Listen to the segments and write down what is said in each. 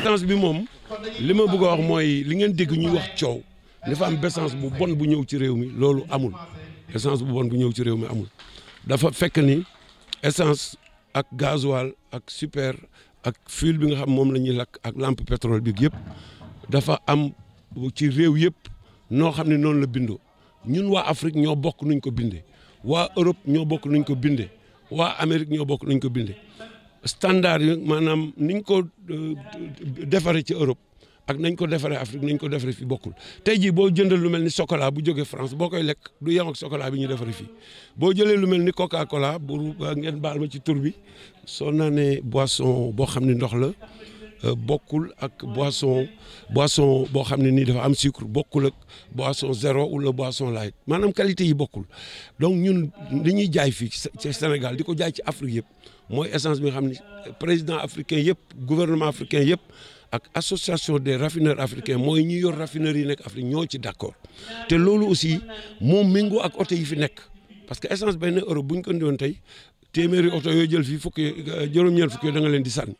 essence bi moom li ma bëgg a wax mooy li ngeen dégg ñuy wax coow dafa am essence bu bon bu ñëw ci réew mi loolu amul essence bu bon bu ñëw ci réew mi amul dafa fekk ni essance ak gasoil ak super ak fuel bi nga xam moom la ñuy lakk ak lampe pétrole bi yëpp dafa am ci réew yëpp noo xam ne noonu la bindoo ñun waa Afrique ñoo bokk nuñ ko bindee waa Europe ñoo bokk nuñ ko bindee waa Amérique ñoo bokk nuñ ko binde standard yi maanaam niñ ko euh, defaree ci Europe ak nañ ko defaree Afrique nañ ko defaree fi bokkul tey jii boo jëndal lu mel ni chocolat bu jógee France boo koy lekk du yem ak chocolat bi ñu defaree fii boo jëlee lu mel ni Coca-Cola bu ngeen baal ma ci tur bi soo naanee boisson boo xam ni ndox la bokkul ak boisson boisson boo xam ne nii dafa am sucre bokkul ak boisson zéro wala boisson light maanaam qualité yi bokkul donc ñun li ñuy jaay fii ci Sénégal di ko jaay ci Afrique yëpp mooy essence bi nga xam ne président africain yëpp gouvernement africain yëpp ak association des raffineurs africains mooy ñi yor raffinerie yi nekk Afrique ñoo ci d'accord te loolu aussi moo méngoo ak oto yi fi nekk parce que essence benn euro bu ñu ko indiwoon tey téeméeri oto yoo jël fii fukki juróom-ñeent fukki da leen di sànni.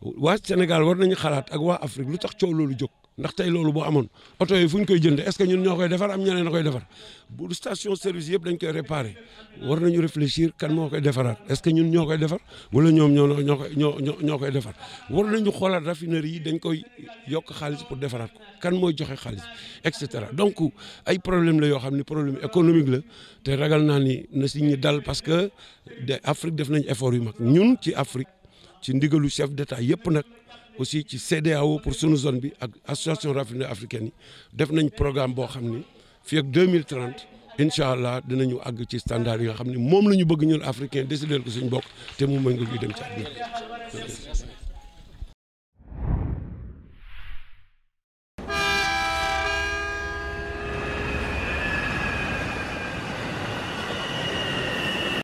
waa Sénégal war nañu xalaat ak waa Afrique lu tax coow loolu jóg ndax tey loolu boo amoon oto yi fu ñu koy jënd est-ce que ñun ñoo koy defar am ñeneen a koy defar bu station service yëpp dañ koy réparer war nañu réfléchir kan moo koy defaraat est-ce que ñun ñoo koy defar wala ñoo ñoo koy ñoo ñoo koy defar war nañu xoolaat raffinerie yi dañ koy yokk xaalis pour defaraat ko kan mooy joxe xaalis et cetera donc ay problème la yoo xam ne problème économique la te ragal naa ni na si ñu dal parce que de Afrique def nañ effort yu mag ñun ci Afrique. ci ndigalu chef d'état yëpp nag aussi ci CEDEAO pour sunu zone bi ak association raffinerie africaine yi def nañ programme boo xam ni fii ak 2030 incha allah dinañu àgg ci standard yi nga xam ne moom la ñu bëgg ñun africain décider ko suñu bokk te mu mën nga dem ci àdduna